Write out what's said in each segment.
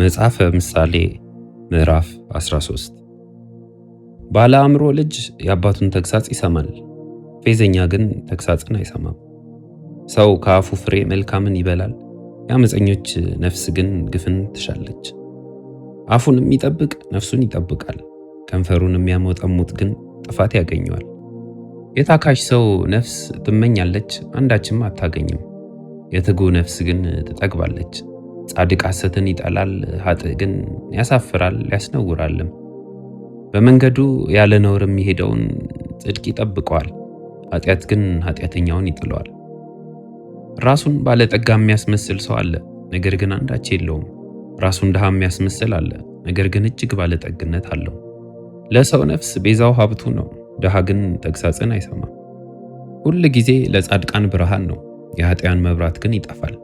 መጽሐፈ ምሳሌ ምዕራፍ 13 ባለ አእምሮ ልጅ የአባቱን ተግሳጽ ይሰማል፣ ፌዘኛ ግን ተግሳጽን አይሰማም። ሰው ከአፉ ፍሬ መልካምን ይበላል፣ የአመፀኞች ነፍስ ግን ግፍን ትሻለች። አፉን የሚጠብቅ ነፍሱን ይጠብቃል፣ ከንፈሩን የሚያሞጠሙጥ ግን ጥፋት ያገኘዋል። የታካሽ ሰው ነፍስ ትመኛለች፣ አንዳችም አታገኝም፣ የትጉ ነፍስ ግን ትጠግባለች። ጻድቅ ሐሰትን ይጠላል፣ ኃጥእ ግን ያሳፍራል ያስነውራልም። በመንገዱ ያለ ነውር የሚሄደውን ጽድቅ ይጠብቀዋል፣ ኃጢአት ግን ኃጢአተኛውን ይጥለዋል። ራሱን ባለጠጋ የሚያስመስል ሰው አለ፣ ነገር ግን አንዳች የለውም። ራሱን ድሃ የሚያስመስል አለ፣ ነገር ግን እጅግ ባለጠግነት አለው። ለሰው ነፍስ ቤዛው ሀብቱ ነው፣ ድሃ ግን ተግሳጽን አይሰማም። ሁል ጊዜ ለጻድቃን ብርሃን ነው፣ የኃጢያን መብራት ግን ይጠፋል።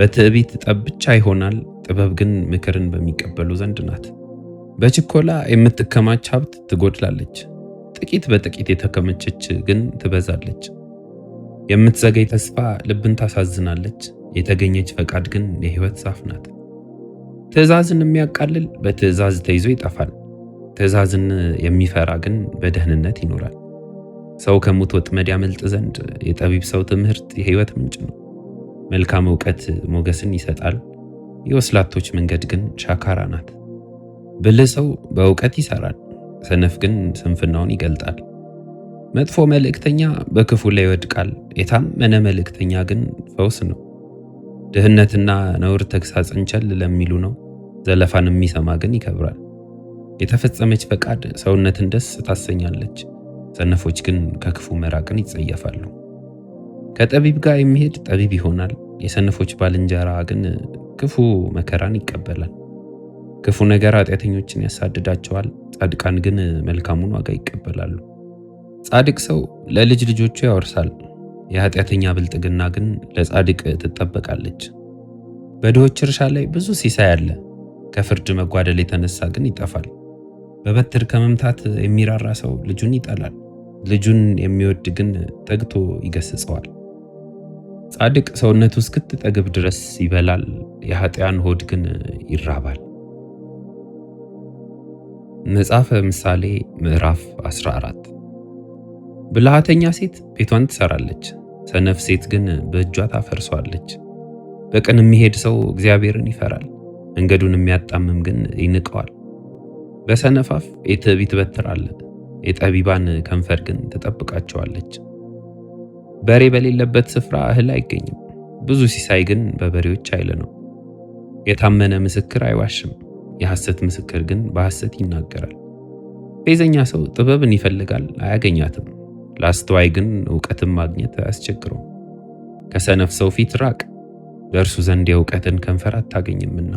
በትዕቢት ጠብ ብቻ ይሆናል፣ ጥበብ ግን ምክርን በሚቀበሉ ዘንድ ናት። በችኮላ የምትከማች ሀብት ትጎድላለች፣ ጥቂት በጥቂት የተከመቸች ግን ትበዛለች። የምትዘገይ ተስፋ ልብን ታሳዝናለች፣ የተገኘች ፈቃድ ግን የሕይወት ዛፍ ናት። ትእዛዝን የሚያቃልል በትእዛዝ ተይዞ ይጠፋል፣ ትእዛዝን የሚፈራ ግን በደህንነት ይኖራል። ሰው ከሞት ወጥመድ ያመልጥ ዘንድ የጠቢብ ሰው ትምህርት የሕይወት ምንጭ ነው። መልካም እውቀት ሞገስን ይሰጣል፣ የወስላቶች መንገድ ግን ሻካራ ናት። ብልህ ሰው በእውቀት ይሰራል፣ ሰነፍ ግን ስንፍናውን ይገልጣል። መጥፎ መልእክተኛ በክፉ ላይ ይወድቃል፣ የታመነ መልእክተኛ ግን ፈውስ ነው። ድህነትና ነውር ተግሳጽን ቸል ለሚሉ ነው፣ ዘለፋን የሚሰማ ግን ይከብራል። የተፈጸመች ፈቃድ ሰውነትን ደስ ታሰኛለች፣ ሰነፎች ግን ከክፉ መራቅን ይጸየፋሉ። ከጠቢብ ጋር የሚሄድ ጠቢብ ይሆናል፣ የሰነፎች ባልንጀራ ግን ክፉ መከራን ይቀበላል። ክፉ ነገር ኃጢአተኞችን ያሳድዳቸዋል፣ ጻድቃን ግን መልካሙን ዋጋ ይቀበላሉ። ጻድቅ ሰው ለልጅ ልጆቹ ያወርሳል፣ የኃጢአተኛ ብልጥግና ግን ለጻድቅ ትጠበቃለች። በድሆች እርሻ ላይ ብዙ ሲሳይ አለ፣ ከፍርድ መጓደል የተነሳ ግን ይጠፋል። በበትር ከመምታት የሚራራ ሰው ልጁን ይጠላል፣ ልጁን የሚወድ ግን ጠግቶ ይገስጸዋል። ጻድቅ ሰውነቱ እስክትጠግብ ድረስ ይበላል፣ የኃጢያን ሆድ ግን ይራባል። መጽሐፈ ምሳሌ ምዕራፍ 14 ብልሃተኛ ሴት ቤቷን ትሰራለች፣ ሰነፍ ሴት ግን በእጇ ታፈርሷለች። በቅን የሚሄድ ሰው እግዚአብሔርን ይፈራል፣ መንገዱን የሚያጣምም ግን ይንቀዋል። በሰነፋፍ አፍ የትዕቢት በትር አለ፣ የጠቢባን ከንፈር ግን ትጠብቃቸዋለች። በሬ በሌለበት ስፍራ እህል አይገኝም። ብዙ ሲሳይ ግን በበሬዎች ኃይል ነው። የታመነ ምስክር አይዋሽም፣ የሐሰት ምስክር ግን በሐሰት ይናገራል። ፌዘኛ ሰው ጥበብን ይፈልጋል አያገኛትም፣ ለአስተዋይ ግን እውቀትን ማግኘት አያስቸግረው። ከሰነፍ ሰው ፊት ራቅ፣ በእርሱ ዘንድ የእውቀትን ከንፈር አታገኝምና።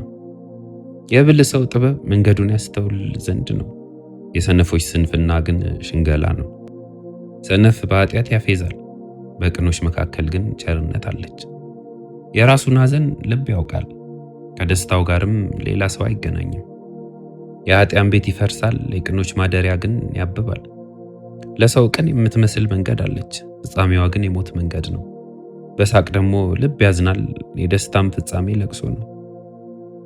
የብል ሰው ጥበብ መንገዱን ያስተውል ዘንድ ነው፣ የሰነፎች ስንፍና ግን ሽንገላ ነው። ሰነፍ በኃጢአት ያፌዛል በቅኖች መካከል ግን ቸርነት አለች። የራሱን ሐዘን ልብ ያውቃል፣ ከደስታው ጋርም ሌላ ሰው አይገናኝም። የኃጢአን ቤት ይፈርሳል፣ የቅኖች ማደሪያ ግን ያብባል። ለሰው ቅን የምትመስል መንገድ አለች፣ ፍጻሜዋ ግን የሞት መንገድ ነው። በሳቅ ደግሞ ልብ ያዝናል፣ የደስታም ፍጻሜ ለቅሶ ነው።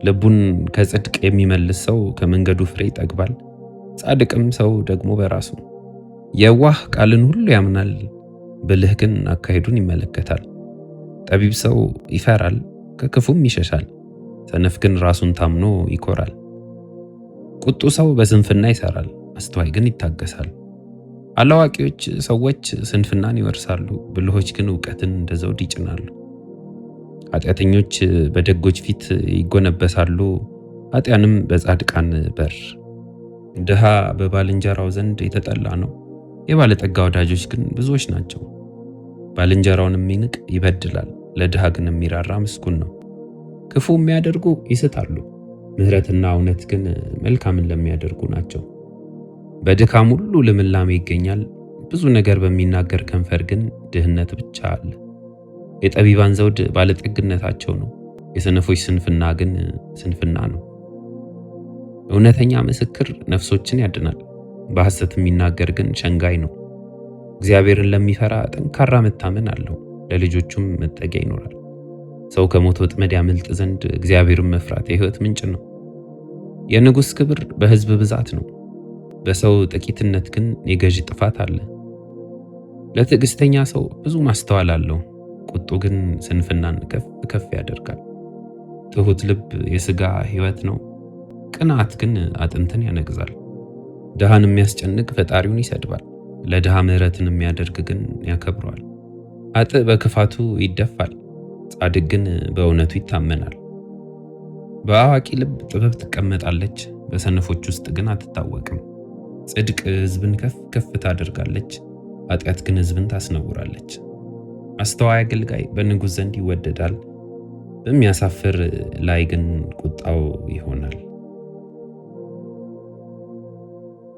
ልቡን ከጽድቅ የሚመልስ ሰው ከመንገዱ ፍሬ ይጠግባል፣ ጻድቅም ሰው ደግሞ በራሱ የዋህ ቃልን ሁሉ ያምናል፣ ብልህ ግን አካሄዱን ይመለከታል። ጠቢብ ሰው ይፈራል፣ ከክፉም ይሸሻል። ሰነፍ ግን ራሱን ታምኖ ይኮራል። ቁጡ ሰው በስንፍና ይሰራል፣ አስተዋይ ግን ይታገሳል። አላዋቂዎች ሰዎች ስንፍናን ይወርሳሉ፣ ብልሆች ግን እውቀትን እንደ ዘውድ ይጭናሉ። ኃጢአተኞች በደጎች ፊት ይጎነበሳሉ፣ ኃጢያንም በጻድቃን በር። ድሃ በባልንጀራው ዘንድ የተጠላ ነው፣ የባለጠጋ ወዳጆች ግን ብዙዎች ናቸው። ባልንጀራውን የሚንቅ ይበድላል፣ ለድሃ ግን የሚራራ ምስጉን ነው። ክፉ የሚያደርጉ ይስታሉ፣ ምሕረትና እውነት ግን መልካምን ለሚያደርጉ ናቸው። በድካም ሁሉ ልምላሜ ይገኛል፣ ብዙ ነገር በሚናገር ከንፈር ግን ድህነት ብቻ አለ። የጠቢባን ዘውድ ባለጠግነታቸው ነው፣ የሰነፎች ስንፍና ግን ስንፍና ነው። እውነተኛ ምስክር ነፍሶችን ያድናል፣ በሐሰት የሚናገር ግን ሸንጋይ ነው። እግዚአብሔርን ለሚፈራ ጠንካራ መታመን አለው፣ ለልጆቹም መጠጊያ ይኖራል። ሰው ከሞት ወጥመድ ያመልጥ ዘንድ እግዚአብሔርን መፍራት የሕይወት ምንጭ ነው። የንጉሥ ክብር በሕዝብ ብዛት ነው፣ በሰው ጥቂትነት ግን የገዢ ጥፋት አለ። ለትዕግሥተኛ ሰው ብዙ ማስተዋል አለው፣ ቁጡ ግን ስንፍናን ከፍ ከፍ ያደርጋል። ትሑት ልብ የሥጋ ሕይወት ነው፣ ቅንዓት ግን አጥንትን ያነግዛል። ድሃን የሚያስጨንቅ ፈጣሪውን ይሰድባል። ለድሃ ምሕረትን የሚያደርግ ግን ያከብረዋል። አጥ በክፋቱ ይደፋል፣ ጻድቅ ግን በእውነቱ ይታመናል። በአዋቂ ልብ ጥበብ ትቀመጣለች፣ በሰነፎች ውስጥ ግን አትታወቅም። ጽድቅ ሕዝብን ከፍ ከፍ ታደርጋለች፣ ኃጢአት ግን ሕዝብን ታስነውራለች። አስተዋይ አገልጋይ በንጉሥ ዘንድ ይወደዳል፣ በሚያሳፍር ላይ ግን ቁጣው ይሆናል።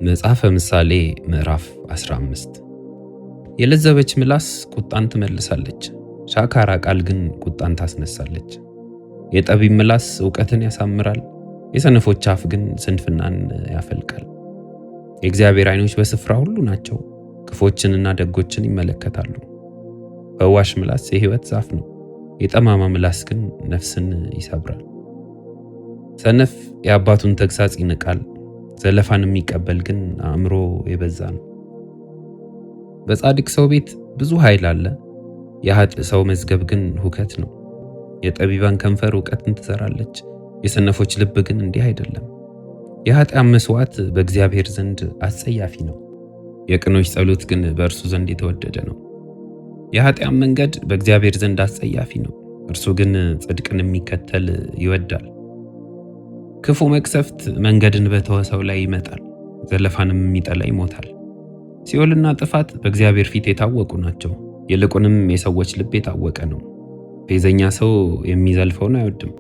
መጽሐፈ ምሳሌ ምዕራፍ 15 የለዘበች ምላስ ቁጣን ትመልሳለች፣ ሻካራ ቃል ግን ቁጣን ታስነሳለች። የጠቢብ ምላስ እውቀትን ያሳምራል፣ የሰነፎች አፍ ግን ስንፍናን ያፈልቃል። የእግዚአብሔር ዓይኖች በስፍራ ሁሉ ናቸው፣ ክፎችንና ደጎችን ይመለከታሉ። በዋሽ ምላስ የሕይወት ዛፍ ነው፣ የጠማማ ምላስ ግን ነፍስን ይሰብራል። ሰነፍ የአባቱን ተግሳጽ ይንቃል ዘለፋን የሚቀበል ግን አእምሮ የበዛ ነው። በጻድቅ ሰው ቤት ብዙ ኃይል አለ፣ የሀጥ ሰው መዝገብ ግን ሁከት ነው። የጠቢባን ከንፈር እውቀትን ትዘራለች፣ የሰነፎች ልብ ግን እንዲህ አይደለም። የኃጢአን መስዋዕት በእግዚአብሔር ዘንድ አስጸያፊ ነው፣ የቅኖች ጸሎት ግን በእርሱ ዘንድ የተወደደ ነው። የኃጢአን መንገድ በእግዚአብሔር ዘንድ አስጸያፊ ነው፣ እርሱ ግን ጽድቅን የሚከተል ይወዳል። ክፉ መቅሰፍት መንገድን በተወ ሰው ላይ ይመጣል፣ ዘለፋንም የሚጠላ ይሞታል። ሲኦልና ጥፋት በእግዚአብሔር ፊት የታወቁ ናቸው፣ ይልቁንም የሰዎች ልብ የታወቀ ነው። ፌዘኛ ሰው የሚዘልፈውን አይወድም፣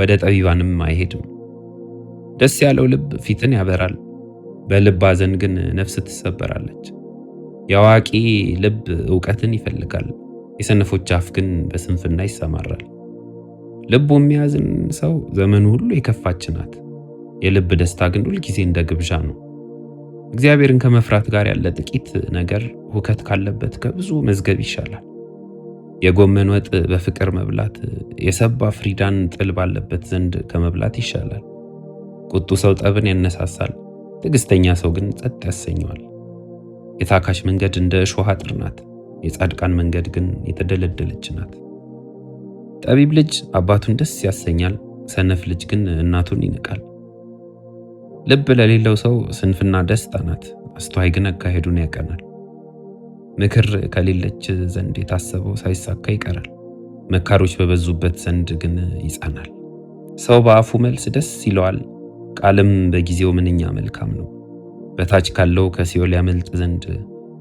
ወደ ጠቢባንም አይሄድም። ደስ ያለው ልብ ፊትን ያበራል፣ በልብ አዘን ግን ነፍስ ትሰበራለች። የአዋቂ ልብ እውቀትን ይፈልጋል፣ የሰነፎች አፍ ግን በስንፍና ይሰማራል። ልቡ የሚያዝን ሰው ዘመኑ ሁሉ የከፋች ናት። የልብ ደስታ ግን ሁልጊዜ እንደ ግብዣ ነው። እግዚአብሔርን ከመፍራት ጋር ያለ ጥቂት ነገር ሁከት ካለበት ከብዙ መዝገብ ይሻላል። የጎመን ወጥ በፍቅር መብላት የሰባ ፍሪዳን ጥል ባለበት ዘንድ ከመብላት ይሻላል። ቁጡ ሰው ጠብን ያነሳሳል፣ ትዕግስተኛ ሰው ግን ጸጥ ያሰኘዋል። የታካሽ መንገድ እንደ እሾህ አጥር ናት፣ የጻድቃን መንገድ ግን የተደለደለች ናት። ጠቢብ ልጅ አባቱን ደስ ያሰኛል፣ ሰነፍ ልጅ ግን እናቱን ይንቃል። ልብ ለሌለው ሰው ስንፍና ደስታ ናት፣ አስተዋይ ግን አካሄዱን ያቀናል። ምክር ከሌለች ዘንድ የታሰበው ሳይሳካ ይቀራል፣ መካሮች በበዙበት ዘንድ ግን ይጸናል። ሰው በአፉ መልስ ደስ ይለዋል፣ ቃልም በጊዜው ምንኛ መልካም ነው። በታች ካለው ከሲኦል ያመልጥ ዘንድ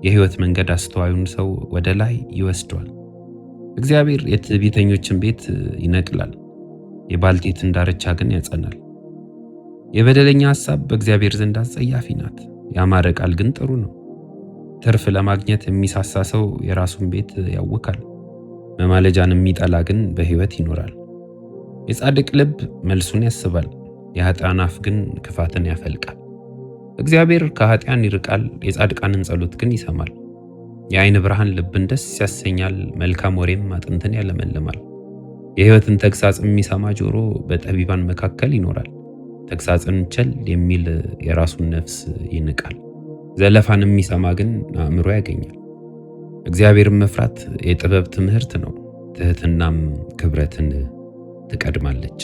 የሕይወት መንገድ አስተዋዩን ሰው ወደ ላይ ይወስደዋል። እግዚአብሔር የትዕቢተኞችን ቤት ይነቅላል፣ የባልቴትን ዳርቻ ግን ያጸናል። የበደለኛ ሐሳብ በእግዚአብሔር ዘንድ አጸያፊ ናት፣ ያማረ ቃል ግን ጥሩ ነው። ትርፍ ለማግኘት የሚሳሳ ሰው የራሱን ቤት ያውካል፣ መማለጃን የሚጠላ ግን በሕይወት ይኖራል። የጻድቅ ልብ መልሱን ያስባል፣ የኃጥኣን አፍ ግን ክፋትን ያፈልቃል። እግዚአብሔር ከኃጥኣን ይርቃል፣ የጻድቃንን ጸሎት ግን ይሰማል። የአይን ብርሃን ልብን ደስ ያሰኛል፣ መልካም ወሬም አጥንትን ያለመልማል። የህይወትን ተግሳጽ የሚሰማ ጆሮ በጠቢባን መካከል ይኖራል። ተግሳጽን ቸል የሚል የራሱን ነፍስ ይንቃል፣ ዘለፋን የሚሰማ ግን አእምሮ ያገኛል። እግዚአብሔርን መፍራት የጥበብ ትምህርት ነው፣ ትህትናም ክብረትን ትቀድማለች።